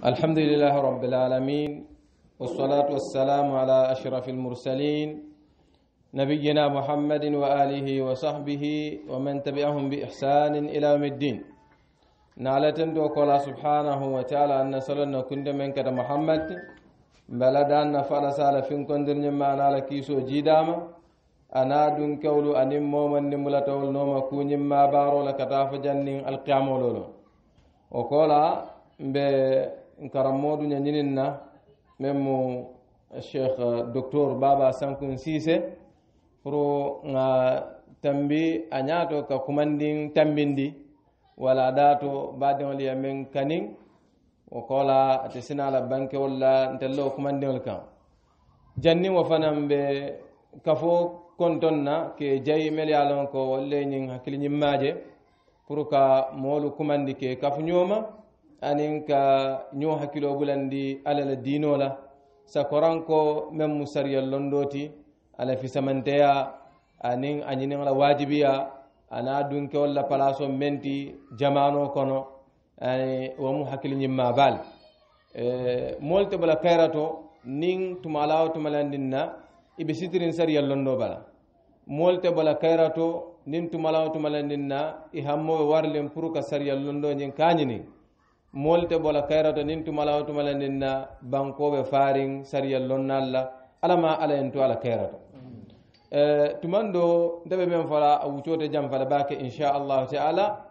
الحمد لله رب العالمين والصلاة والسلام على أشرف المرسلين نبينا محمد وآله وصحبه ومن تبعهم بإحسان إلى يوم الدين نالتن دو كلا سبحانه وتعالى أن صلنا كنت من كده محمد بلدان نفعل سالة فين كنت نما نالا كيسو جيداما أنا دون كول أن مومن نملا تول نوما كوني ما بارو لكتاف جنن القيام ولولو وقولا karammoɗu ñañininna min mo cheikh docteur baba sankun sise pro ga tambi a ñaato ka kumandin tambindi wala daato badiŋol ye min kanin wo kola ate sinala bankewol la ntelloo kumandiŋol kan janniŋ wo fanan be kafo konton na ke jayi mel ye lon ko wolle ñiŋ hakkili ñimmaaje pour ka moolu kumandi ke kafu ñooma anin ka ño hakkilo bulandi ala la dino la sakoranko men mu sariyallondoti ala fisamanteya anin a ñinin ala wajibiya ana dunke walla palaso menti jamano kono wo mu hakkil ñimma bal e, mol te bala kayrato nin tuma alawo tumalandin na ibe sitirin sariyallondo bala mol te bala kayrato nin tumalawo tumalandin na i hammoɓe warlen pour ka sariyallondo ñin kañinin molte te bola kayrato nin tumala wo tumala niŋ na be faariŋ sariyal lonnal la Alama ala to tuman do nte be meŋ a wuccoo jam fala bake inchallahu taala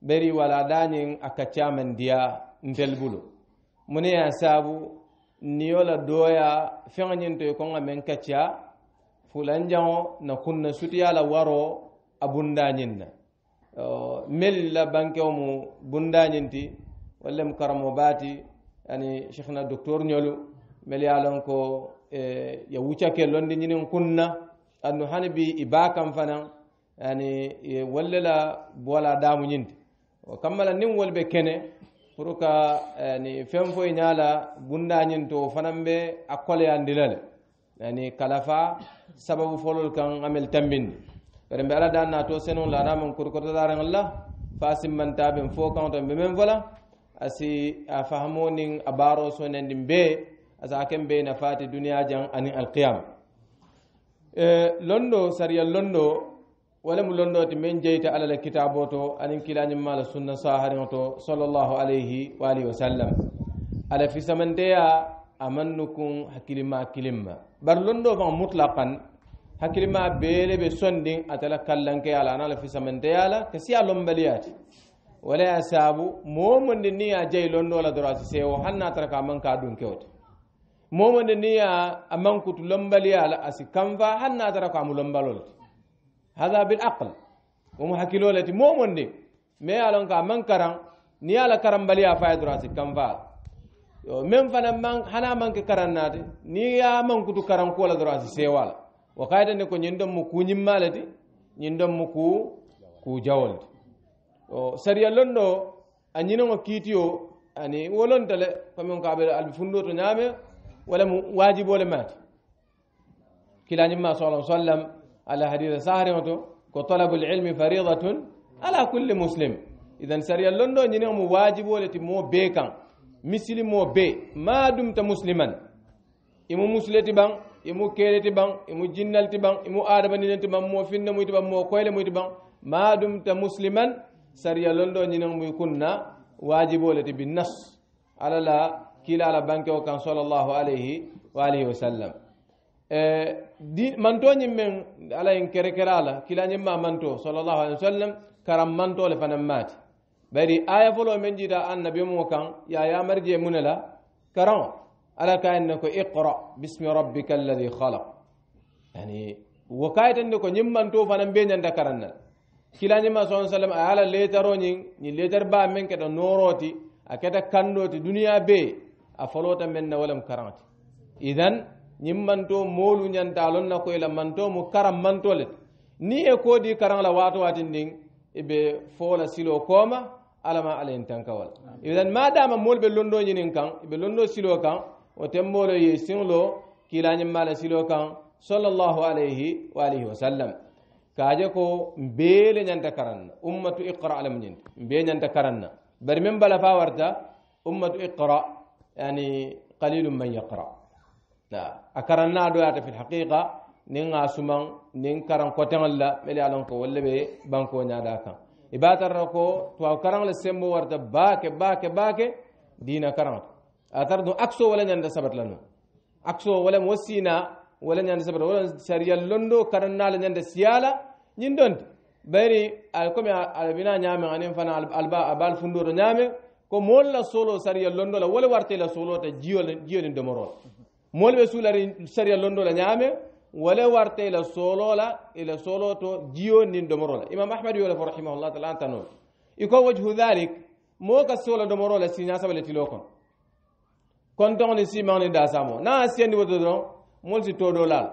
beri wala dañiŋ a ka caamaŋ diya ntel bulu mune ye saabu niyo la doya feŋo ñiŋ to fulanjaŋo na kunna sutiyala waro a bundañiŋ na bankewo mu bundañiŋ walla mu karamo baati ani cheikhna docteur ñolu mel ye lon ko e yo wuccake londe ñinin kunna andu hani bi i baa kam fanan ani walla la bola daamu ñinde o kammala nin wol ɓe kene pour que ani fen foye ñaala bundañin to fanan ɓe a koleyandilale ani kalafa sababu folol kan amel tambindi bare mbe ala dan na to senon la ramen kurkotoɗaren la fa simmantaɓen fo kanto ɓe men vola asi a fahamo nin a baaro sonandin bee asa ken bee nafaati duniya jan anin alqiyama londo sariya londo wala mu londo ti men jeyta ala la kitabo to anin kilañim mala sunna saharin to sallallahu alayhi wa alihi wa sallam ala fisamanteya amannu kun hakkilima kilimma bar londo fan mutlaqan hakkilima beele ɓe sondin atala kallanke ala ana ala fisamanteya ala kasi a lombaliyati wala ya sabu momun ni ya jai londo la dora si sewo hanna tara ka man ka dun kewto momun niya ya amman kutu lombali ya la asi kanfa hanna tara ka mu lombalol hada bil aql wa mu hakilolati momun ne me ya lon ka man karan ni ala la karan bali ya fa dora si kanfa yo men fana man hana man ka karan nati ni ya man kutu karan ko la dora si sewala wa kaida ne ko nyindon mu ku malati nyindon mu ku ku jawalti sariya londo a ñinoŋo kiitiyo ani wolonta le famin ko aɓe alɓe funndo to ñaame wala mo waajibo le maati kilañimma sala sallam ala hadisa sahariŋo to ko talabu lilmi faridatun ala kulli muslim idan sariya londo ñiniŋo mo waajibo le ti moo bee kaŋ misilimo bee ma dumta musliman imu musule ti baŋ imu keele ti baŋ imu jinnal ti baŋ imu adamaninen ti baŋ moo finne muy ti baŋ moo koyle muy ti baŋ ma dumta musliman sariya londo ñinen muy kunna wajibo le ti ala la kila ala banke o kan sallallahu alayhi wa alihi wa sallam e di manto ñim men ala en kere kera ala kila ñim ma manto sallallahu alayhi wa sallam karam manto le fanan mati bari aya folo men jita annabi mo kan ya ya marje munela karam ala ka en ko iqra bismi rabbikal ladhi khalaq yani wakaytan ko ñim manto fanan be ñanda karannal kilanima son sallam a ala letaro ñin ñin letar ba men keta noroti a keta kandoti duniya be a falota men na walam karanti idan ñin manto moolu ñantalon na koyla manto mu karam mantolet ni e kodi karan la wato watin ndin ibe fola silo koma alama alayin tankawal idan ma dama moolu be londo ñinin kan ibe londo silo kan o tembolo ye sinlo kilañimmala silo kan sallallahu alayhi wa alihi wa kaje ko mbeele ñanta karanna ummatu iqra alam ñinti mbe ñanta karanna bari men bala fa warta ummatu iqra yani qalilum man yaqra a karanna doyata fi lhaqiqa nin ga suman nin karan koteŋol la mele ye lon ko walla ɓe banko ñada kan i ba tarra ko tuwaw karaŋ le sembo warta baake baake baake dina karaŋ to a tara dun akso wala ñanta sabat la nu akso wala mo sina wala ñande sabata wala sariya londo karannala ñande siyala ñin donde bayri comme ala bina ñaame anin fana alba abal fundoto ñame ko moolu la sooloo sariya londo la wala warte la soolota jiyol jiyolin domorol moolu ɓe suulari sariya londo la ñaame wala warte ila soolola ila soolo to jiyo nin domorola imam ahmad yola fo rahimahullah taala an tanoo iko wajhu dhalik moo ka soola domorola siña sabale tilo kon kon toŋni simani dasamo naa siyandi woto doron mol si todo lal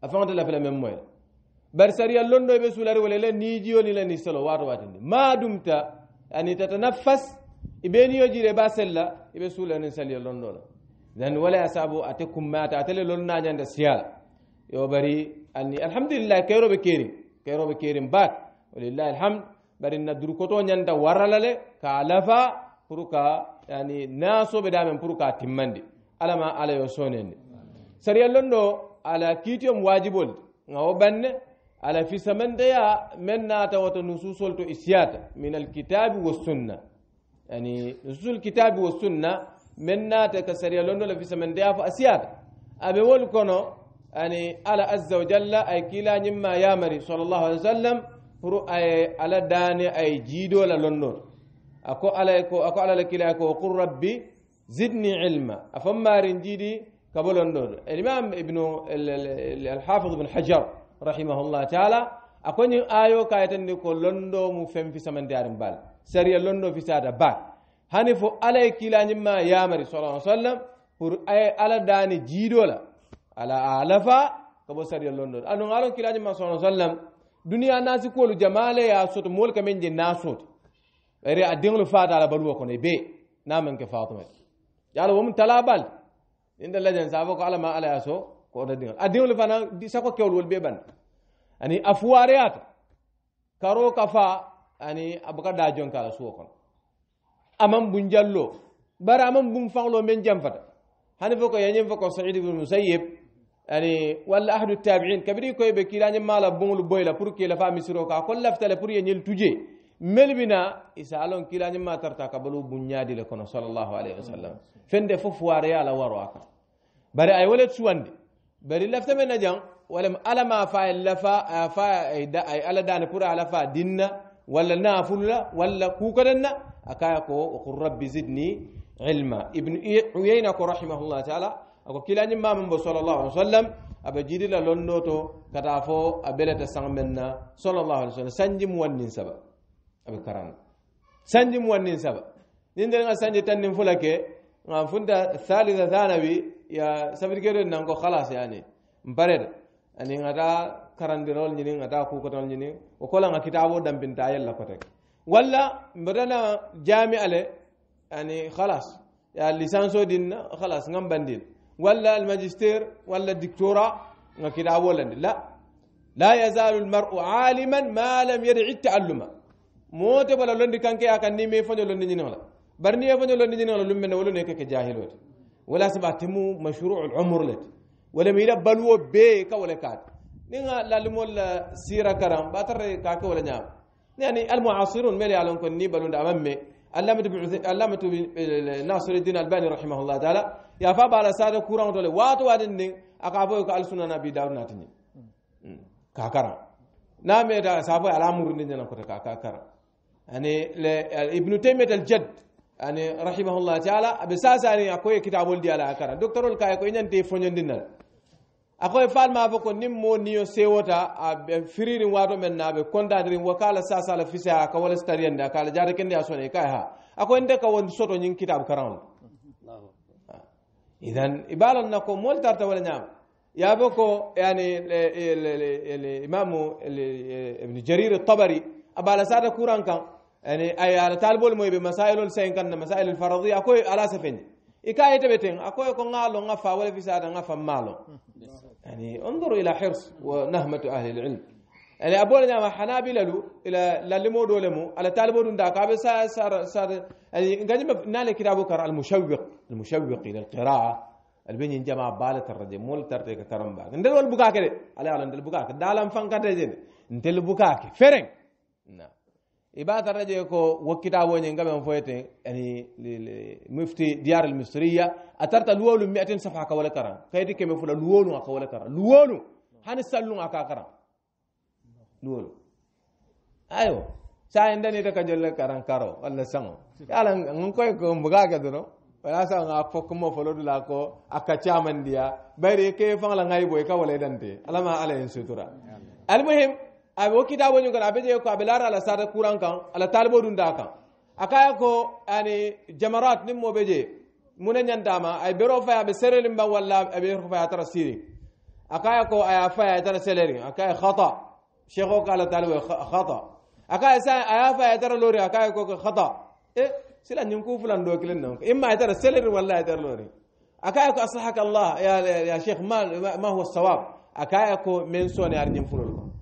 afan ta la fela mem moy bar sariya londo be sulari wala la ni jiyo ni la ni solo wato watinde ma dumta ani tatanaffas ibeni yo jire ba sella ibe sulani sariya londo la dan wala asabu atakum mata atale lonna nyanda siya yo bari anni alhamdulillah kayro be kerim kayro be kerim bat walillahi alhamd bari na durkoto nyanda waralale ka alafa pour ka yani naso be damen pour ka timmande alama ala yo sonende sariya londo ala kiitiyom waajibol nga wo banne ala fisamanteya men naata wata nususol to isiyata min alkitabi wassunna yani nususul kitabi wassunna men naata ka sariya londo la fisamanteya fo a siyata aɓe wol kono ani ala azza wa jalla ay kiila ñimma yamari sallllahu alih wa sallam pour ay ala daane ay jiidola lonnoto ako ala ko ako ala la kiila ko qul rabbi zidni ilma a fommarin jiiɗi قبول النور الإمام ابن الحافظ بن حجر رحمه الله تعالى أكون آيو كايت نيكو لندو مفهم في سمن دار بال سري لندو في سادة بال هني فو على كلا نما يا مري صلى الله عليه وسلم فر أي على داني جيدو لا على ألفا كبو سري لندو أنا عارن كلا نما صلى الله عليه وسلم دنيا الناس كل جمال يا صوت مول كمن جن ناس صوت غير أدين لفاد على بروه كوني بي نامن كفاطمة يا لو من تلا بال inda lajan safo ko ala ma ala yaso ko oto diŋol a diŋol fana sako kewol wol be banda ani a fuwareyata karo ka fa ani a buka da jonka ala suwo kono aman bun jallo bari aman bun faŋlo men janfata hani fo ko yañin fo ko said ibnu musayyib ani walla ahadu tabiin kabiri koye be kiilañin mala buŋolu boyla pour kila fa misiro ka kon laftale pour yeñil tuje melbina isa lon kilañima tarta ka balu buñadi le kono sallllahu alayhi wa sallam fende fof wareya la waro a kan bari ay walet suwandi bari lafta men na jang walam alama fa lafa fa ay ala dana pour ala fa dinna walla nafulla walla kukananna akaya ko wa qul rabbi zidni ilma ibn uyayna ko rahimahullah taala ako kilañimma mambo sallllahu alih wa sallam aɓe jiɗila lonnoto kata fo a beleta sang men na sallllahu alih wa sallam sanjim wannin sabab aɓe karanga sanji mu muwannin saba nin ndenga sanji tannin fula ke ngam funta thalitha thanawi ya sabirikeɗen nan ko khalas yani mbareda ani di rol ngata karandirol ku ko kukotol nyini o kola kolanga kitabo dampinta yella kotek walla mbatana jami ale ani khalas ya licence o dinna halas ngam bandin walla almagister walla dictora nga kitabo lan la لا يزال المرء عالما ما لم yad'i التعلم موته بالا لندي كان كي أكان نيمي فنجل لندي جنوا لا برنيا فنجل لندي جنوا لا لوم من ولا نيك كجاهل ولا ولا سبعة تمو مشروع العمر لت ولا ميلا بلو بي كا ولا كات نيجا لالمو لا سيرة كرام باتر كاك ولا نعم يعني المعاصرون ملي علون كن نيبل ولا أمامي اللهم تبعث اللهم تب ناصر الدين الباني رحمه الله تعالى يا فاب على سادة كوران تقول واتو هذا أقابو يقال سنة نبي داود ناتني كاكرا نعم يا سابو على مورني جنا كتر كاكرا يعني لابن تيمية الجد يعني رحمه الله تعالى بساسا يعني أكوي كتاب ولدي على أكرا دكتور الكاي كوي ننتي فنين دينا أكوي فال ما نيم مو نيو سيوتا فريرين واتو من نابي كوندا درين وكالا ساسا لفسا كوالا ستاريان دا كاله جاري كندي أسوني كاي ها أكوي ندكا سوتو نين كتاب كراون إذن إبالا نكو مول تارتا ولا نعم يا بوكو يعني الإمام ابن جرير الطبري أبالا سادة كوران كان يعني أي على طالب المهم مسائل السين كان مسائل الفرضية أكو على سفين إكاية تبتين أكو يكون غالو غفا ولا في سادة غفا مالو يعني انظروا إلى حرص ونهمة أهل العلم يعني أبونا نعم حنابلة لو إلى للمو دولمو على طالب دون داك أبي سار سار سار يعني قديم نال كتابه كر المشوق المشوق إلى القراءة البنين جماعة بالة الرجل مول ترتيك ترمبا ندل والبكاك على على ندل بكاك دالم فان كده جن ندل بكاك فرنج نعم. إباتا رجع يكو وكتاب وين كما فويتين يعني مفتي ديار المصرية أترت لولو 200 صفحة كولا كرا كيدي كما فولا لولو كولا كرا لولو هاني سالون أكا كرا لولو أيوه ساين دني تكجل كرا كارو ولا سانو يالا نكوي كم بغاك درو wala sa nga fo kuma folo dula ko aka chaman dia bari ke fangla ngai boy ka wala dante alama ala sutura almuhim abe wo da ñum kono aɓe ƴeew ko aɓe laara ala sata courant kan ala talibo dun da kan akaya ko ani jamarat nin moɓe je mune ñantama ay bero fa aɓe serel mba wala abe ro fa tara sirin akaya ko ay fa ay tara seleri akaya hata cheikh o ko ala talibo hata akaya sa ay fa ay tara lori akaya ko khata e sila nyum ko fulan do kilen nan imma ay tara seleri wala ay tara lori akaya ko asahaka allah ya ya shekh ma ma huwa sawab akaya ko men sone ar ñin fulol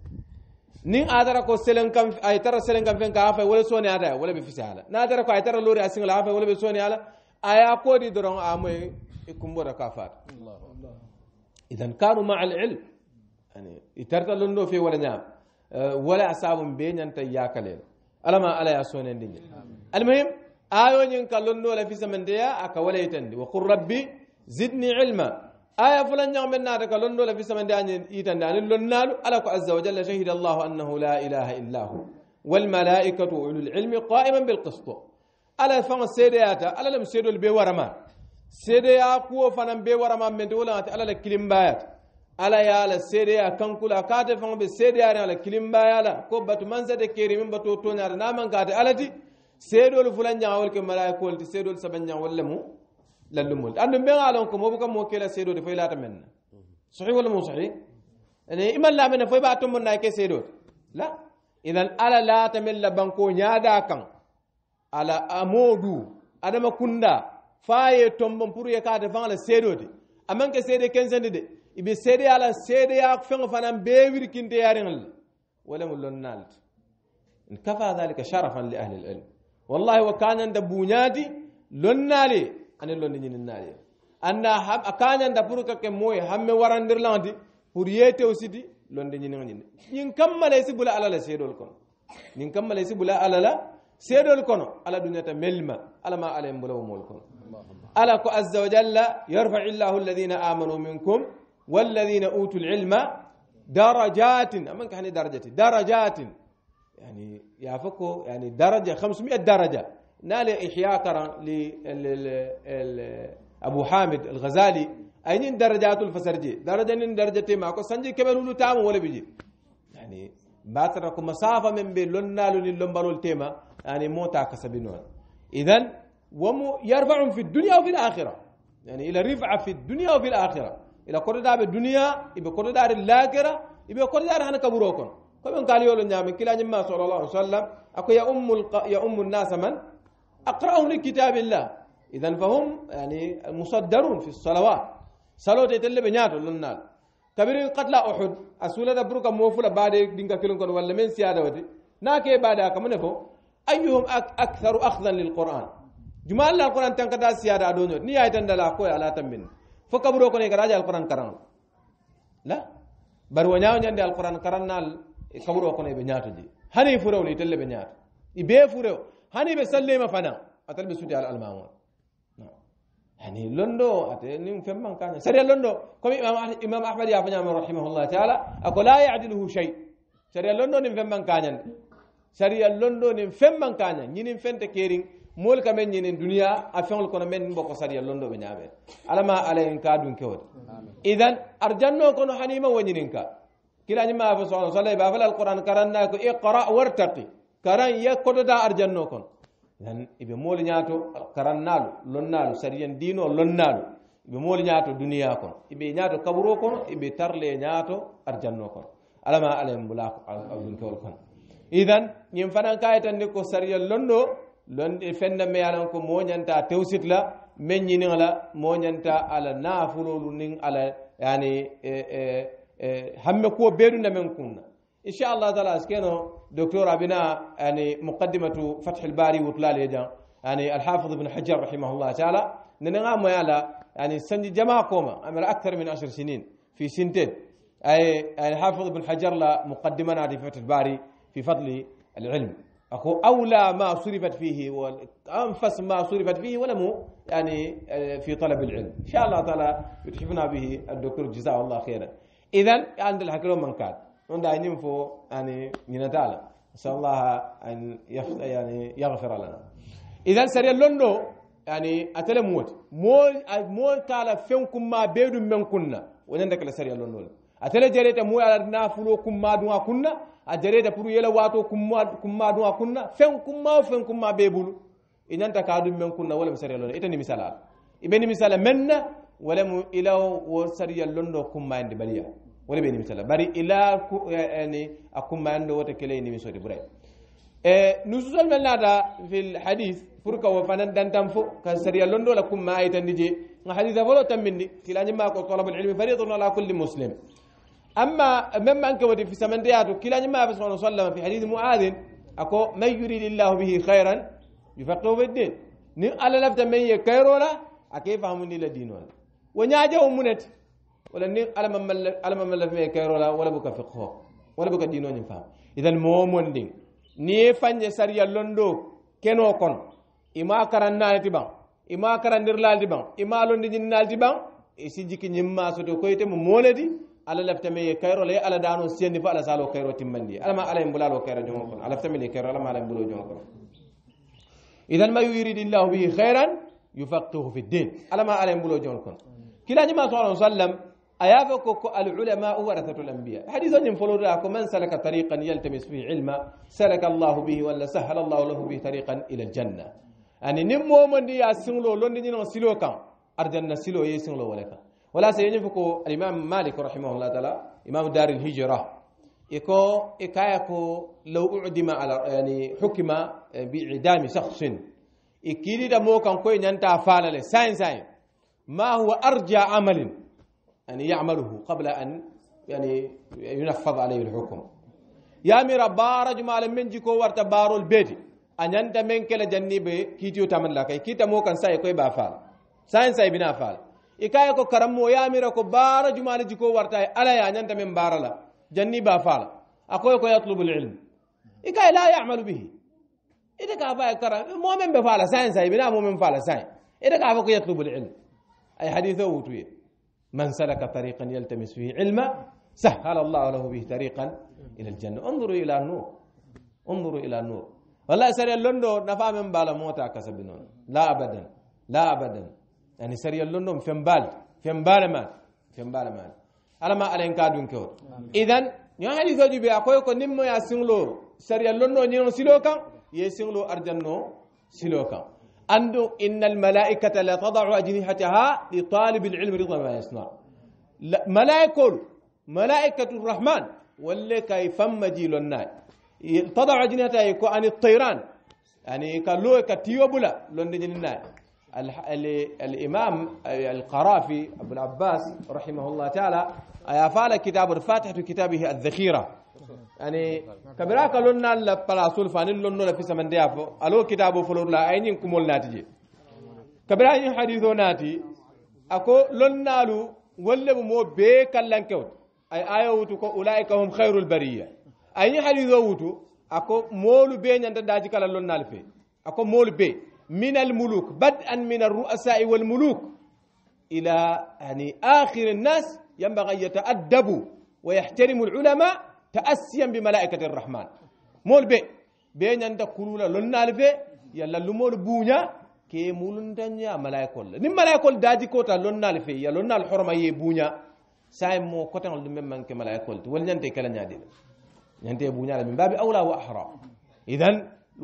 ni adara ko selen kam ay tara selen kam fen ka afa wala soni ada wala be fisala na adara ko ay tara lori asin la afa wala be soni ala aya ko di doron amoy ikumbora ka fat idan kanu ma al ilm yani itarta londo fe wala nyam wala asabum be nyanta yakale alama ala ya sonen dinje almuhim ayo nyin kallon no la fisamande ya aka wala itandi wa qur rabbi zidni ilma آية فلان جاء من نارك لن نولا في سمن دان يتن دان لن نالو على عز وجل شهد الله أنه لا إله إلا هو والملائكة أولو العلم قائما بالقسط على فان سيدياتا على لم سيدو البيورما سيديا قوة فان بيورما من دولة على الكلم بايات على يا على سيديا كان كل أكاد فان بسيديا على الكلم بايالا كوبا تمانزة كيري من بتو تونار نامن كاد على دي سيدو الفلان جاء والك ملاك والك سيدو السبن من واللمو للمول أنا بين عالم كم أبوك مو كلا سيرود في لات من صحيح ولا مو صحيح أنا يعني إما لا من في بعض من نايك سيرود لا إذا على لا تمل لبنكو نيادا كم على أمودو أنا ما كندا فاي توم بمحور يكاد فان السيرود أما إنك سيرد كنزن دي يبي سيرد على سيرد يا أخفين فانا بيفير كنت يا رجل ولا مولون نالت إن كفى ذلك شرفا لأهل العلم والله وكان عند بنيادي لنالي anin londi ñininnaali anda a kañanda pour que ke moye hamme warandirlandi pour yeetew sidi londe ñiniŋa ñinde ñin kammala si bula alala seedol kono ñin kammala si bula alala seedol kono ala duñata melma ala ma alayen bulawo mool kono ala ko azza wa jalla yarfau llahu alladina amanu minkum والذين أوتوا العلم درجات أما كان درجتي درجات يعني يافكو يعني درجة 500 درجة نال إحياء كران أبو حامد الغزالي أين درجات الفسرجي درجة من درجة ماكو سنجي ولو تام ولا بيجي يعني باترك مسافة من بين لنالو للنبرو التيمة يعني تعكس كسبينون إذا ومو يرفع في الدنيا وفي الآخرة يعني إلى رفعة في الدنيا وفي الآخرة إلى كل دار الدنيا إلى كل دار الآخرة إلى كل دار هنا كبروكم كم قال يقول نعم كلا نما صلى الله عليه وسلم أكو يا أم الق... يا أم الناس من أقرأهم لكتاب الله إذا فهم يعني مصدرون في الصلوات صلاة تتل بنياتو للنال كبير قتل أحد أسولة بروك موفولة بعد دينك كيلون كون ولا من سيادة ودي ناكي بعد كمنفو أيهم أكثر أخذا للقرآن جمال القرآن تنكتا سيادة أدونيو نيا يتندلا كوي على تمن فكبرو كوني كراجع القرآن كران لا برونياو نياندي القرآن كران نال كبرو كوني بنياتو دي هني فرو لتل بنياتو إبه فرو hani ɓe sallema fana atata ɓe suude al almamol hani londo atenin femman kaña saria londo comme imam ahmad yafañama rahimahullah taala ako la yadiluhu chey saria londo nin femman kañande saria londo nin femman kaña ñinin fente kerin mool kamen ñinin duniya a feŋol kono men boko saria londo ɓe ñamen alama alayen ka dun kewode idan arjanno kono hanima woñinin ka kilañima fa sa sallam ba fala alquran karanna ko iqra wartaqi karan yakkotota arjanno kono nan iɓe mooli ñaato karannaalu lonnaalu sarien diino lonnaalu iɓe mooli ñaato duniya kono iɓe ñaato kaburo kono iɓe tarle ñaato arjanno kono alama ala en mbulako awdunkewol kono idan ñin fanan kayitandi ko saria lonɗo lonɗe fenda me alan ko moñanta tewsitla men ñiniŋla moñanta ala naafulolu nin ala yani hamme kuwo beedunda men kunna inchallah taala askeno دكتور أبناء يعني مقدمة فتح الباري وطلال يدا يعني الحافظ ابن حجر رحمه الله تعالى ننغام ميالا يعني سنجي جماعة كوما عمل أكثر من عشر سنين في سنتين أي يعني حافظ ابن حجر لا مقدمنا في فتح الباري في فضل العلم أكو أولى ما صرفت فيه وأنفس ما صرفت فيه ولم يعني آه، في طلب العلم إن شاء الله تعالى يتحفنا به الدكتور جزاه الله خيرا إذا عند الحكرون من كان عند أن ينفو يعني ينتالا نسأل الله أن يعني يغفر لنا إذا سريع لندو يعني أتلا موت مول مول تالا فينكم ما بيد من كنا ونندك لسريع لندو أتلا جريت مو على نافلو كم ما دوا كنا أجريت برو يلا واتو كم ما كم ما دوا كنا فينكم ما فينكم ما بيبولو إن أنت كادم من كنا ولا مسريع لندو إتني مثال إبني مثال منا ولا إلى وسريع لندو كم ما عند بليه wani bai nimisa labari ila yani akuma ando wata kele ni miso dibure e nususal melnata fil hadith furka wa fanan dan tamfo kan sariya londo la kuma ay tandije nga haditha bolo tambindi kilanyi mako talabul ilmi faridun ala kulli muslim amma memma anka wati fi samandiyatu kilanyi mako sallam sallam fi hadith muadhin ako man yuridi illahu bihi khairan yufaqtu fi din ni ala lafta men ye akay fahamu ni la dinu wa nyaja wa ولا نين ألم ملف ألم ملف مي كير ولا ولا بوك فقه ولا بوك دينو نفهم إذا المؤمن دين ني فان جسري لندو كنو كون إما كران نال تبان إما كران دير لال تبان إما لندو جن نال تبان إسي جيكي نما سوتو كوي تم مولدي على لفت مي كير ولا على دانو سين نفا على سالو كير وتمندي ألم ألم بلالو كير جمو كون على لفت مي كير ألم ألم بلو جمو كون إذا ما يريد الله به خيرا يفقهه في الدين ألم ألم بلو جمو كون كلا جمع صلى الله عليه وسلم أيابا كوكو العلماء ورثة الأنبياء حديث أن فلور من سلك طريقا يلتمس فيه علما سلك الله به ولا سهل الله له به طريقا إلى الجنة يعني نمو من دي أسنلو لون دي سلو كان أرجنا سلو يسنلو ولك ولا سينفكو الإمام مالك رحمه الله تعالى إمام دار الهجرة إكو إكايكو لو أعدم على يعني حكم بإعدام شخص إكيري دا مو كان كوي نانتا فالة ساين ساين ما هو أرجى عمل يعني يعمله قبل أن يعني ينفذ عليه الحكم يا ميرا رجم على من جيكو ورت بارو البيت أن ينت من كلا جنبه كيتيو تمن لكي كيتا مو كان ساي كوي بافال ساين ساي بنا فال كو كرمو يامي ركو بارا جمال جيكو ورت ألا يا ينت من بارلا جني بافال أكوي كو يطلب العلم إكايا لا يعمل به إذا كافا كرم مؤمن بفال ساين ساي بنا مؤمن فال ساين إذا كافا كو يطلب العلم أي حديثه وتويه من سلك طريقا يلتمس فيه علما سهل الله له به طريقا إلى الجنة انظروا إلى النور انظروا إلى النور والله سري اللندو نفع من بالا موتا كسبنون لا أبدا لا أبدا يعني سري اللندو فنبال فنبال مال فنبال مال على ما علينا كادون كور إذن يوم هذه اكو يكون كنيم يا سينلو سري اللندو نيرون سيلوكا سينلو أرجنو سيلوكا أنه إن الملائكة لا تضع أجنحتها لطالب العلم رضا ما يصنع ملائكة ملائكة الرحمن واللي كيف جيل الناي تضع أجنحتها يكون الطيران يعني كلوه كتيوبلا لندن الناي الإمام آه، القرافي أبو العباس رحمه الله تعالى أيافال كتاب الفاتح في كتابه الذخيرة أني كبرا كلونا لا بلا سول فانين لا في سمن ديافو ألو كتابو فلور لا أيني كمول ناتجي كبرا أيني حديثو ناتي أكو لون نالو ولا مو بيك اللان كوت أي آية وتو أولئك هم خير البرية أيني حديثو وتو أكو مول بي نانتا داجي كلا لون نالفي أكو مول بي من الملوك بدءا من الرؤساء والملوك إلى يعني آخر الناس ينبغي يتأدبوا ويحترموا العلماء تأسيا بملائكة الرحمن مول بي بي نانتا كلولا لنال في يلا لمول بونيا كي مولنتانيا ملائكة نم ملائكة دادي كوتا لنال في يلا لنال حرمة يي بونيا ساي مو كوتا من كي ملائكة ولا نانتا كلا نادي نانتا بونيا من باب أولى وأحرى إذن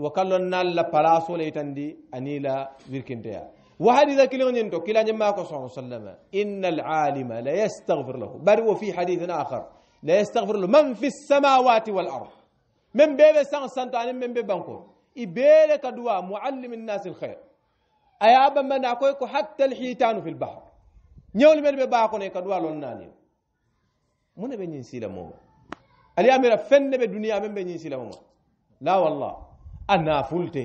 وكلنا نال لا بلاسو ليتندي أني لا وهذا وحديث كلا ننتو كلا نما صلى الله عليه وسلم إن العالم لا يستغفر له بل وفي حديث آخر لا يستغفر له من في السماوات والأرض من بين سان سانتو أنا من بين بانكو إبيلي كدوا معلم الناس الخير أيابا من أكويكو حتى الحيتان في البحر نيول من بيباكو نيكدوا لناني من بنين سيلا موما اليامير فن دنيا من بنين سيلا موما لا والله أنا فلتي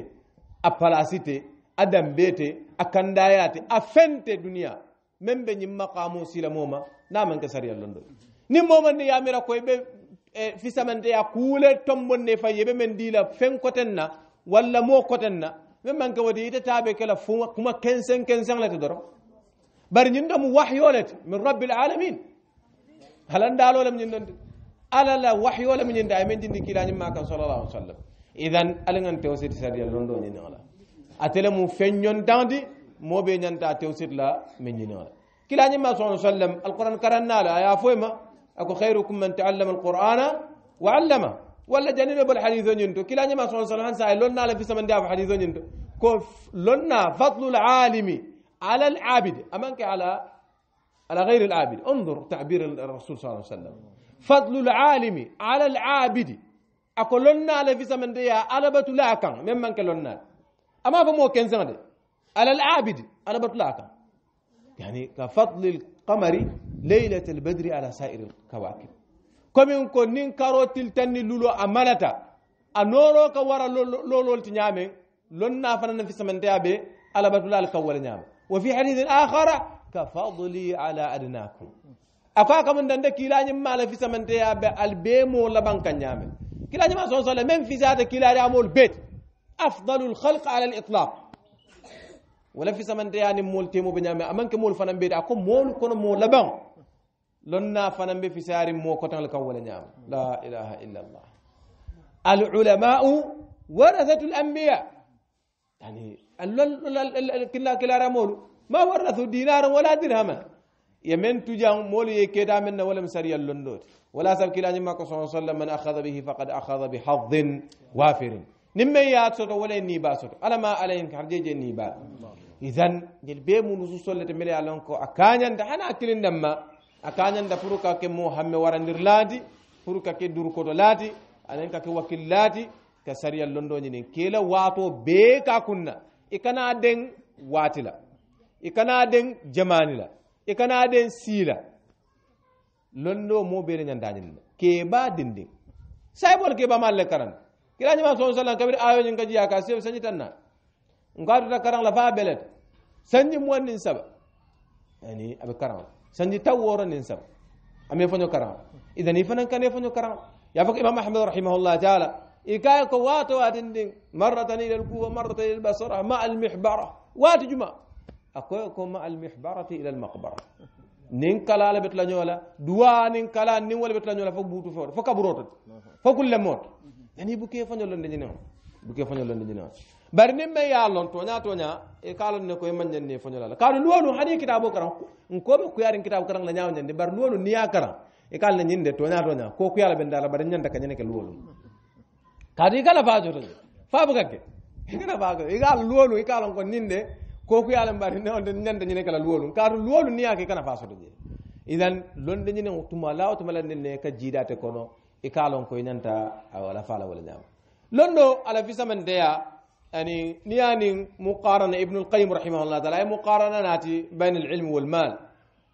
أبلاسيتي بيتي أكنداياتي أفنتي دنيا من بنين مقامو سيلا موما نعم انكسر لندن nin momande yamira koye ɓe e fisamanteya tombon ne fa yebe men dila fen koten na wala mo koten na be man min manke tabe kala fu kuma kensen kensen la tedoro bari ñin ɗom wahyolete min rabbil alamin halan halandalolem ñin ɗonde alala wahyolem ñinde ay men jindi kilañim ma kan sallallah alih w sallam idan algan tewsiti sadi lon ɗo ñini ola atele fen feññon dandi mo be ñanta tewsit la men min ñini kila kilañim ma sallallahu alaihi wasallam alquran karanna la ya ma اكو خيركم من تعلم القران وعلمه ولا جنن بل حديث ننت كلا نما صلى الله عليه لون على في سمن داف حديث ننت كف لون فضل العالم على العابد امانك على على غير العابد انظر تعبير الرسول صلى الله عليه وسلم فضل العالم على العابد اكو لون على في سمن على بتلا ممن كلون اما فمو كان على العابد على بتلا يعني كفضل القمر ليلة البدر على سائر الكواكب كم يكون كارو تلتني لولو أمانتا أنورو كوارا لولو التنيامي لن نافنا نفس من تيابي على بطلال الكوال نيام وفي حديث آخر كفضلي على أدناكم أكاك من دندك كلا نما في سمن تيابي البيمو لبنك كنيامين كلا نما صلى الله عليه وسلم من في ذات كلا رامو البيت أفضل الخلق على الإطلاق ولا في سمن تيابي مول تيمو بنيامي أمانك مول فنان بيت أكو مول كون مول لبنك لنا فنم بفسار موكتن الكول نعم لا إله إلا الله العلماء ورثة الأنبياء يعني كلا كلا رمول ما ورثوا دينارا ولا درهما يمن تجان مول يكيدا من ولا مسري اللندوت ولا سب كلا نما صلى الله عليه وسلم من أخذ به فقد أخذ بحظ وافر نما ياتسوت ولا نيباسوت ألا ما عليهم كرجي نيبات إذن جلبي منوسو صلى الله عليه وسلم أكانيا دحنا أكلن نما akañanda pour ka ke mo hamme warandir laati pour ka ke durkoto laati anen ka ke wakkil laati ka sariya londoñi nin kela waato bee ka kunna i den waati la den jamani la den sii londo mo beele ñandañin la keeba dindin sayibol keeba malle karan kirañima son sallam kabiri ayoñin ka jiya ka sew sañi tan na nkatuta karan la faa belet sanji muwannin saba yani aɓe karan سنجي تورا ننسب أم يفنو كرام إذا نفنا كان يفنو كرام يفق إمام أحمد رحمه الله تعالى إكاي قوات واتن مرة إلى القوة مرة إلى البصرة مع المحبرة وات جمع أكويكم مع المحبرة إلى المقبرة نين كلا لا بيت لا دوا نين كلا نين ولا بيت لا نيولا فوق بوتو فور فوق بروت فوق لموت يعني بوكي فنيو لاندي نيو بوكي فنيو لاندي نيو bari niŋ meŋ ye a loŋ tooñaa tooñaa i ka a loŋ ne ko i maŋ ñaŋ niŋ foñola la kaatu nuwolu hani i kitaaboo karaŋ nkoome kuyaariŋ kitaabo karaŋ la ñaawo ñandi bari nuwolu niŋ ye a karaŋ i ka a le ñiŋ de tooñaa tooñaa ko kuyaa la benda la bari ñanta ka ke luwolu ka la faa joto je faa buka ke i ka la faa joto i ka a loŋ luwolu i ka a loŋ ko niŋ de ko kuyaa la ke la luwolu kaatu luwolu niŋ ke kana faa soto je idan londe ñiniŋ tuma la wo tuma la niŋ ne ka jiidaate kono i ka ko i wala faa wala ñaama londo ala fisamenteya يعني يعني مقارنة ابن القيم رحمه الله تعالى مقارنة ناتي بين العلم والمال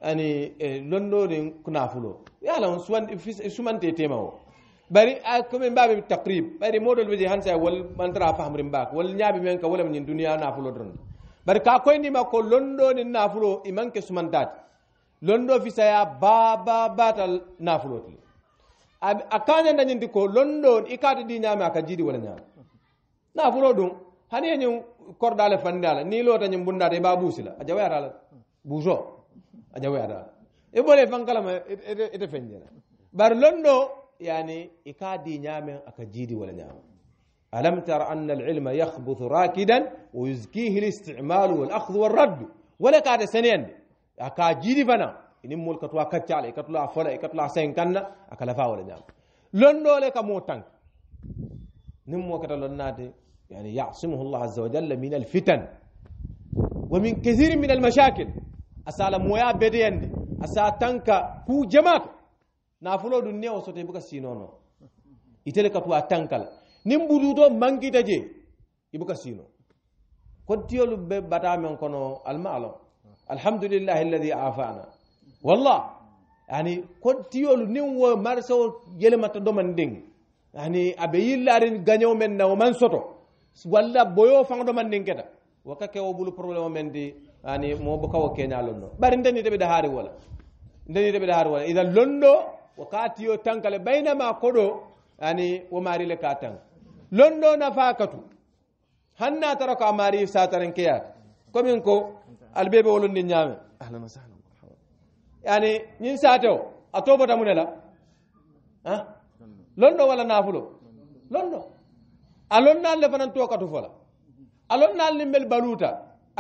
يعني إيه، لندن كنافلو يا لون سوان سوان تيتيمو بري آه، كم باب التقريب بري مودل بيجي هانسا وال من ترى فهم رمباك وال نيابي منك ولا من الدنيا نافلو درن بري كاكوي نيما كو لندن نافلو إيمان كسمان تات لندن في سيا بابا باتل نافلو تلي أكان يندي كو لندن إكاد دي نيامي أكاد جيدي ولا نيامي نافلو دون hani ñum kordale fandala ni lota ñum bundata e ba buusila a jawayata la buuso a jawayata la e ɓole fankalama ete feñjena bari lonɗo yani i ka di ñamen aka jiidi wala ñama alam tara anna alilma yahbutu rakidan wa yuskihi listimalu walahdu walraddu wala kaate seneyande aka jiidi fana inin mol katuwa kaccala e katula fola e katula senkanna aka lafa wala ñama lonɗole ka mo tank nin mo kata lonnaate يعني يعصمه الله عز وجل من الفتن ومن كثير من المشاكل أسال مويا بديان أسال تنكا كو جماك نافلو دنيا وسوتي بكا سينونو إتلك تو أتنكال نمبودو مانكي تجي يبكا سينو كنتيولو ببتا من كونو المعلو الحمد لله الذي عافانا والله يعني كنتيولو نمو مارسو يلمتا دومن دين يعني أبي يلارين غنيو من نومن سوتو walla boyo fangoto man nin keta woka kewo bulu probléme men di ani mo bo kawo keña londo bari ndeni deɓe da haari wala ndeni deɓe da haari wala ida londo wo ka tiyo tankale baynama koɗo ani wo maarile ka tan londo nafa katu hanna tara ko a maari satarankeyaata commin ko albeɓe wolondi ñaame ahlan wa sahlan yani ñin saate o a tobota mune la a londo walla naafulo londo alon naal le fanan tokatu fola alon naal ni mel baluta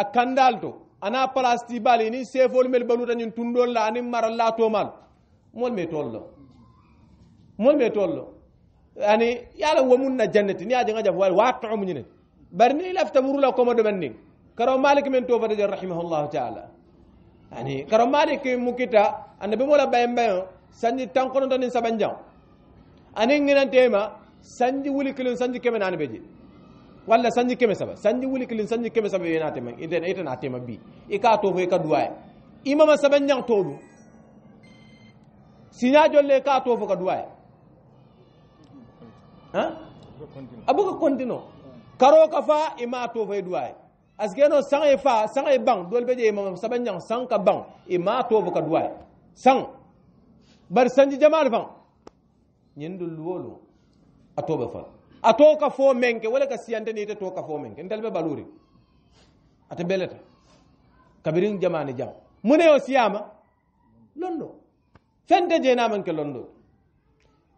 a kandal to ana plasti bali ni sefol mel baluta ñun tundol la ani maral la tomal mol me tollo mol me tollo ani yala wamunna jannati ni aje ngaja wal waqtu muñine barni lafta murula ko mo do benni karo malik men to fata jar rahimahullahu ta'ala ani karo malik mukita annabi mola baye baye sanni tankono tan sabanjam ani nginantema sanji wuli kilin sanji keme nani beji wala sanji keme saba sanji wuli kilin sanji keme saba yana tema idan ita na tema bi ika to fo ka duwaye imama saban nyang todu sinya jolle ka to fo ka duwaye ha ka kontino karo ka fa ima to fo duwaye askeno sang e fa sang e bang dol beje imama saban nyang sang ka bang ima to fo ka duwaye sang bar sanji jamal bang nyendu luwolo atoɓe fon a toka fo menke wala ka siyante ni ite toka fo menke ntel ɓe ɓaluri ate beleta kabirin jamani jam mune o siyama londo fente jenamanke londo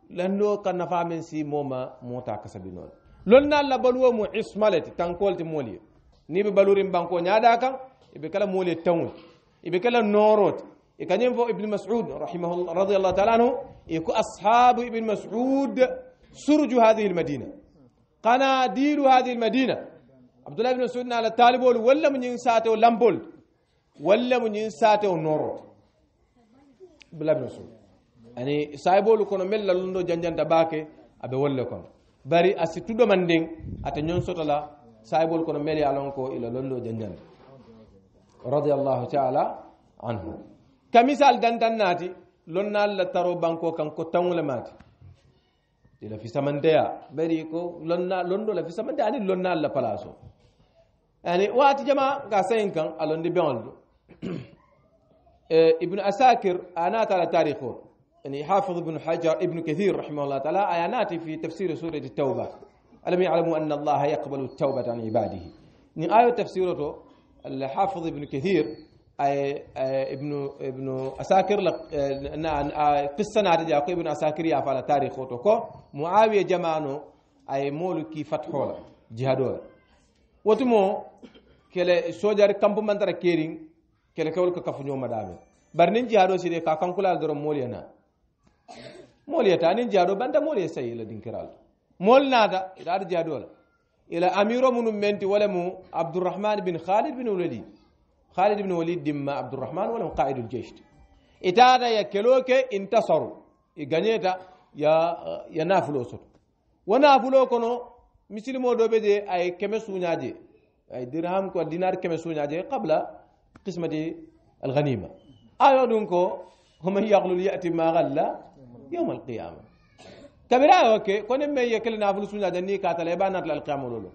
lando ka nafa men si moma mota kasabinol lonna la baluwo mu ismalete tankolti moli ni ɓe balurin banko ñaada kan eɓe kala mooliye tawol eɓe kala noorote e kañum fo ibne masud rahimahullah radiallahu taala anhu e ko ashabu ibne masud سرج هذه المدينة قناديل هذه المدينة عبد الله بن مسعود على الطالب ولا من ينساته لامبول ولا من ينساته نور عبد الله بن مسعود يعني سايبول كون مل لندو جنجان تباكي أبي ولا كون bari a situɗo man ndin ata ñon sotola sahibol kono meli alon ko ila lollo janjande radiallahu taala anhu ka misal dantan naati lonnaallah taro banko kanko tanwule maati ti la fisamanteya bari ko lonna londo la fi samande ani lonna la palaso ani wati jama ga sayin kan alondi beŋol do ibnu asakir a naata ala tarikh o يعني حافظ ابن حجر ابن taala رحمه الله تعالى آياناتي في tauba alam ya'lamu anna يعلموا yaqbalu at-tauba an ibadihi ni ayo آية al hafiz ibn kathir آه، آه، ابن آه، ابن اساكر لك ان قصه نادي يا ابن اساكر يا فال تاريخ اوتوكو معاويه جمانو اي مولكي فتحوا له جهادول وتمو كلا سوجار كامب مانتر كيرين كلا كولك كف نيو مدام برنين جهادو سيدي كا كانكولا درو مولينا مولي تا نين جهادو بانتا مولي سي لا دينكرال مول نادا دار جهادول الى اميرو من منتي ولا مو عبد الرحمن بن خالد بن الوليد خالد بن وليد دم عبد الرحمن ولا قائد الجيش إتادا يكلوك انتصروا غنيتا يا يا نافلو سوت ونافلو كنو مسلمو دوبي دي اي كمي سونياجي اي درهم كو دينار كمي سونياجي قبل قسمة الغنيمة ايو دونكو هم يغلو ياتي ما غلا يوم القيامة كبيرا اوكي كون مي يكل نافلو سونياجي ني كاتل يبانات القيامة لولو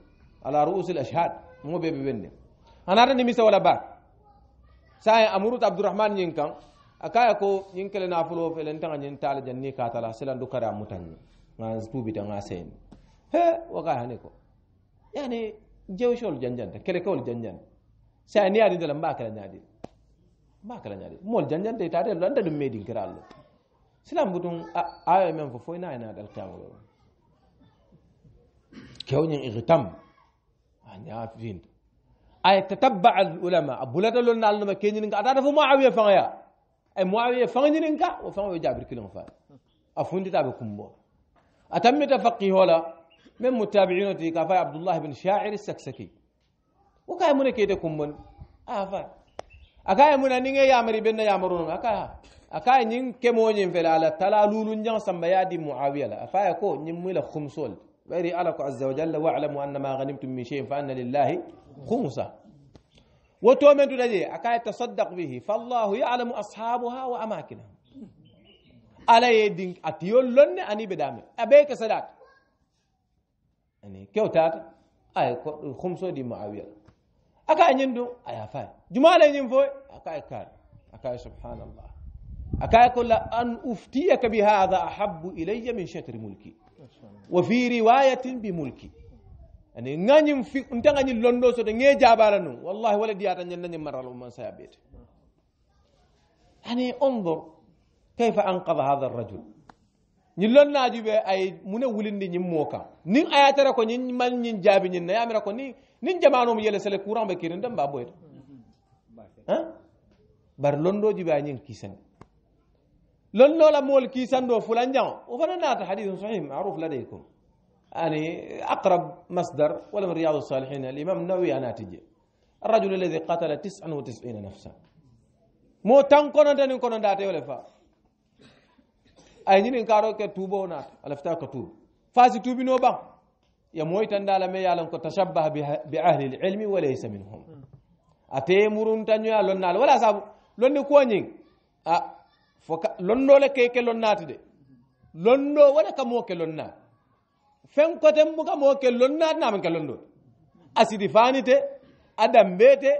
على رؤوس الاشهاد مو بيبي بني انا رني ميسا ولا باك saya amurut abdourahmane ñin kan a kaya ko ñin kele nafulo felen taga ñin taala janni katala silandu kada mutanni ga tuubita ga seeni he waka hani ko yani jewsol janjanta kele kewol janjanta saya ni adi dala mba kala ñaadi mba kala ñaadi mool janjanta itaate lo anta ɗum meedin kirallo silam butun ayo men fo foy nayi naat alkiyamolo kewñin igitam a ñaafinto ay tatabba al ulama bulata lol nal ma kenyi ninka ata dafu muawiya fanga ya ay muawiya fanga ni ninka o fanga o jabir kilon fa afundi tabe kumbo atammi tafaqi hola min mutabi'in ti ka fa abdullah ibn sha'ir as-saksaki o kay mun ke de kumbon a fa akay mun ni nge yamari benna yamaru aka akay nyin kemonyin fela ala talalulun jang samba yadi muawiya la afa ko nyin mila khumsul غير ألك عز وجل واعلموا أن ما غنمتم من شيء فأن لله خمسه وتؤمن تدري أكاية تصدق به فالله يعلم أصحابها وأماكنها على يدين أتيولن أني بدامي أبيك سلات أني يعني كيوتات أي خمسة دي معاوية أكاي نندو أي فاي جمالة ينفوي أكاي كاي أكاي سبحان الله أكاي كل أن أفتيك بهذا أحب إلي من شتر ملكي وفي رواية بملكي أني يعني نغني في أنت غني لندن سوت نيجا جابارنو والله ولا ديار أني نغني مرة لما سأبيت أني يعني انظر كيف أنقذ هذا الرجل نيلون ناجي بي أي من ولين دي نموكا نين آيات ركو نين مال نين جابي نين نيا مركو نين نين جمانو ميلا سلكوران بكيرن دم بابوير ها بار لندن جي بي أني كيسن لن لولا مول كيسان دو فلان جاو نات حديث صحيح معروف لديكم يعني أقرب مصدر ولا من رياض الصالحين الإمام النووي أنا تجي الرجل الذي قتل تسعة وتسعين نفسا مو تان تنكونا تنكونا داتي ولا فا أي نين كارو كتوبة ونات ألفتا كتوب فاسي توبي نوبا يا موي دالا مي يالن تشبه بأهل العلم وليس منهم أتي مرون تنيا لنال ولا سابو لن كونين آه. foka londo le ke ke lonnati de londo wala ka mo ke lonna fen ko tem buka mo ke lonna na man ke londo asidi fanite adambete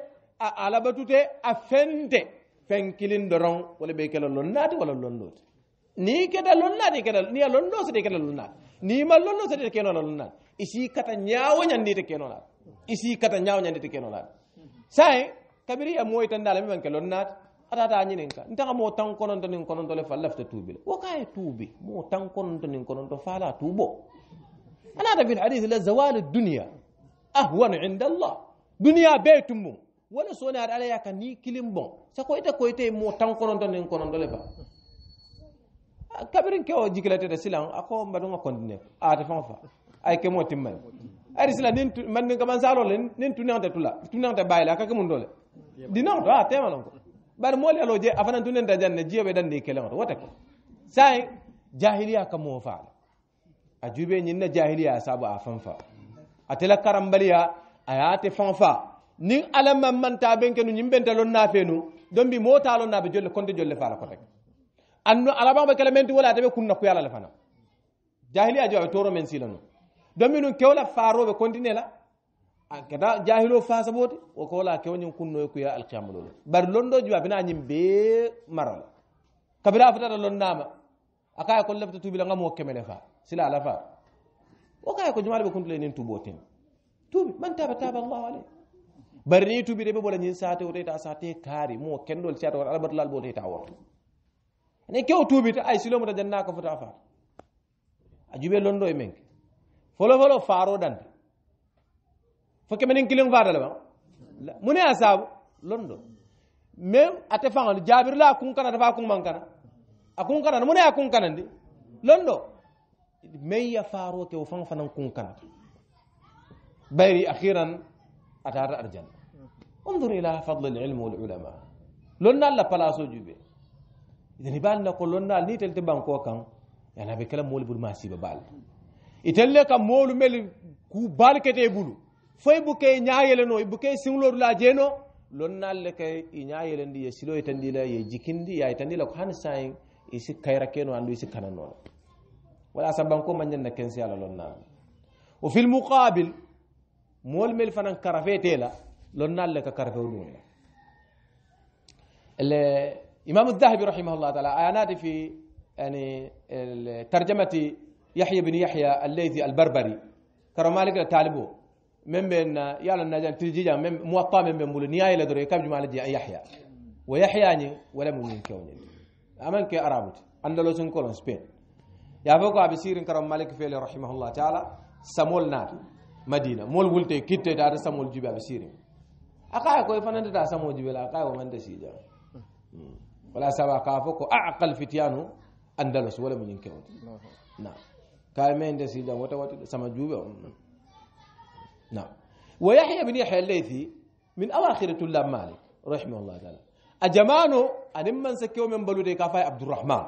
a alabatute a fente fen kilin doron wala be ke lonnati wala londoti ni keda lonnati keda ni londo se de keda lonnati ni ma londo se de keda lonnati isi kata ñaawo ñandite kenolaat isi kata ñaawo ñandite kenolaat saye kabiri a moyi tan dala mi manke lon naat atata ñininka ntaxa moo tan kononto nin kononto le fa lafta tuubi le wo kaye tuubi moo tan kononto nin kononto faala tuubo anata fi lhadith la zawal dunia ahwanu inda allah duniya bee tumbum wala sone aɗa ala yaka ni kilim bon sa koyta koyte mo tan kononto nin kononto le fa kabirin ke o jikilatede silan ako mbaɗunga continue ata fan fa ay kemo timmani ari sila nin man nin kaman salole nin tunante tula tunante bayla kake mum dole dinanto a tema non ko bari moolu aloo je a fanaŋ tunnenta jaŋ be dandi keleŋoto wo te ke saayiŋ jahiliya ka moo faa le a juubee jahiliya a a faŋ faa karambaliya a ye ate faŋ faa niŋ alla maŋ manta beŋ ke nu ñiŋ don bi moo taa loŋ be jolle konte jolle faa la kote anno alabaŋo be kele menti wo kunna kuya la le jahiliya jo a be tooro don bi nuŋ kewo be kontinue kata jahilo fasabote wokola kewañum kunnoye kuya alkiyamalol bari londo juma bina ñim be marol kabira fetata londama akaye ko lebta tuubila ngam wo kemele fa sila ala fa wokaye ko jumaɗo ɓe kuntule nin tuubo ten tuubi man taba taba allahu alay bari ni tuubi ɗeɓe ɓola ñin sate wo teta sate kaari mo kendol siata wot alabatulal bo teta woto ani kew tuubita ay silomuta jannaka fota faata a juuɓe londo e menke folo folo faro dande فكمن كلين فار لبا من أصاب لندو مم أتفعل جابر لا أكون كنا تفعل أكون من كنا أكون كنا من أكون كنا دي لندو مي يفارو كي وفان فنان كون كنا بيري أخيرا أتار أرجان انظر إلى فضل العلم والعلماء لنا لا بلاسو جوبي إذا نبال نقول لنا نيتل تبانكو كان يعني بكلام مول ماسي ببال إتلك مول مل كوبال بولو foy buke ñayeleno buke siŋloru la jeno lon lonnalle kay i ñayelendi ye silo yitandi la ye jikindi ya yitandi la ko han hani sayin isi kayra keno andu isi kanano wala sa banko man sabanko mañanna kensi ala nal o fil muqabil mol mel fanan karafete la lon lonnalle ka karafe o ɗum la الإمام الذهبي رحمه الله تعالى آيات في يعني ترجمة يحيى بن يحيى الليثي البربري كرم مالك طالبه من بين يالا نجان تجيجا من موطا من بين بولو نياي لدري كم جمال جي يحيى ويحيى ني يعني ولا من كوني امان كي ارابوت اندلسون كولون سبين يا فوكو ابي سيرين كرم مالك فيل رحمه الله تعالى سمول نار مدينه مول ولتي كيتي دار سمول جيبي ابي سيرين اكاي كوي فنان دا سمول جيبي لا اكاي ومن دسيجا ولا سبا كافوكو اعقل فتيانو اندلس ولا من كوني نعم كاي مين دسيجا وتا وتا سما جوبي نعم ويحيى بن يحيى الليثي من أواخر طلاب مالك رحمه الله تعالى أجمانو أن من سكيو من بلودي كفاي عبد الرحمن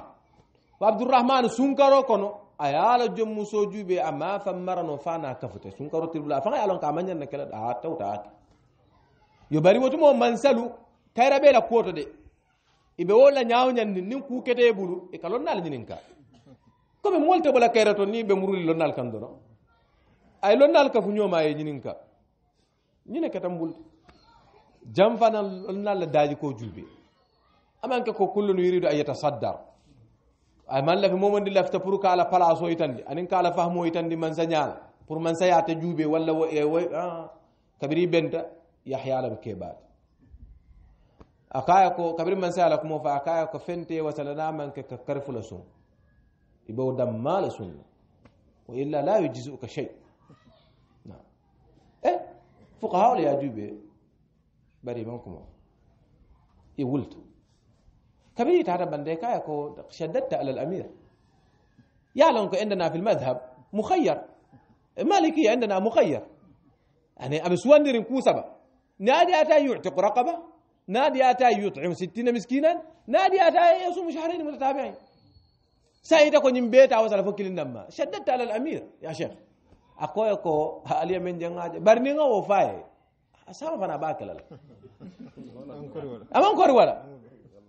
وعبد الرحمن سنكرو كنو أيال جم مسوجو بي أما فمرنو فانا كفته سنكرو تبلا فانا يالون كامن ين كلا آتو آه، تاك يبري وتمو من سلو كيرا بيلا كوتو دي ibe wola nyaaw nyan ni ku kete bulu e kalon nal ni ninka ko be molte bala kayrato ni be muruli lonal kan do no ay lonnal kafu ñoomaye ñinin ka ñine ketan bul jam fana lonnal la daaji ko julbe amanke ko kullun yuridu an yatasaddar ay man lafi momondi lafta pour kala place o yitandi anin kala fahmo yitandi man sa ñaala pour man sayata juube walla wo e wo kabiri benta yahyalam kebaade a kaya ko kabiri man sayala kumo fa a kaya ko fente wasalana manke ka karfula sun ibow dammala sunna wa illa la yujzi'uka shay' فقهاء ولا yajube bari man يولد e wultu كبير تعالى بنديكا يكو شددت على الأمير يا لونك عندنا في المذهب مخير مالكي عندنا مخير يعني أبي سواندر كوسبة نادي أتى يعتق رقبة نادي أتى يطعم ستين مسكينا نادي أتى يصوم شهرين متتابعين سيدك ونبيت أو سلفك للنما شددت على الأمير يا شيخ akoye ko aliya men jangaje barni ngo wo fay asama fana ba kelal aman wala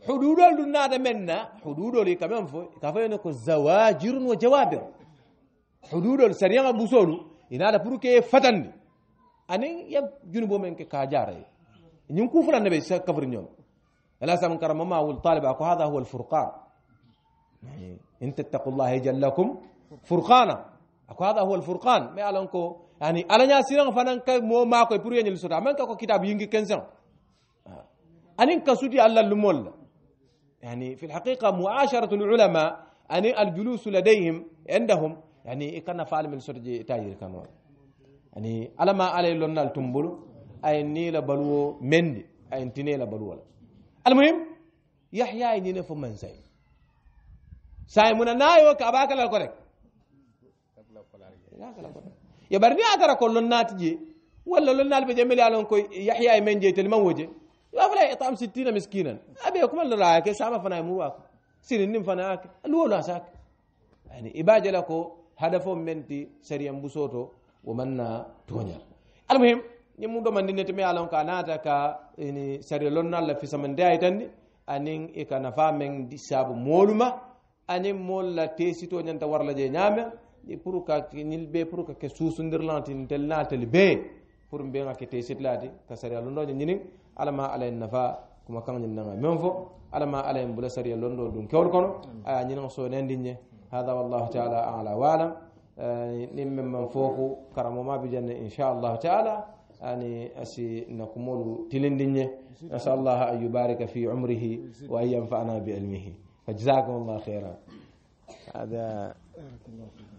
hududol dun nada menna hududol yi kamen fo ka ne ko zawajirun wa jawabir hududol sariyaga busolu inaata pour que fatandi anin ya junubo men ke ka jaraye ñin kufulanne sa kafir ñoom ala sam karama ma wol talib ko hada huwa alfurqan in tattaqu llaha yajal lakum furqana ako hada huwa alfurqan mais alan ko yani alaña siran fanan ka mo makoye pour yeñel sota aman ka ko kitabe yingi quinzion ah. anin ka suti allah lumol la يعني في الحقيقة معاشرة العلماء يعني الجلوس لديهم عندهم يعني كان فعل من سرج تاجر كانوا يعني على ما علي لنا التنبل أي نيل بلو مندي أي نتنيل بلو المهم يحيى ينين فمن ساي ساي من نايو كباك لكورك yo bari ni atara ko lonnaati je walla lonnaali ɓe jammeli alon koye yahya e men jeytel man woje wafala itam sittina miskinan aɓe kuma lorake sama fana e murwako sinin nin fana ake luwolu asake yani ibaje la ko hadafo menti sariyan busoto womanna toñal almuhim ñin mu domandinete mi alon ka naata ka ini sariya lonnalla fisamande ay tandi anin ika nafa men di sabu moluma anin molla tesito ñanta warla je ñaame pour ka nil be pour ka ke susundirlanti lati naatali be pour mbeŋa ke tey sitlati ka sariya londoje ñinin alama ala en nafa kuma kaŋ ñin naŋa meŋ fo alama ala en bula sariya londo dun kewol kono aya ñinin sonendin ñe hada wallahu taala ala wa alam nin men man foku karamo ma bijanne inchallahu taala يعني أسي نكمل تلندنيا نسأل الله أن يبارك في عمره وأن ينفعنا بعلمه فجزاكم الله خيرا هذا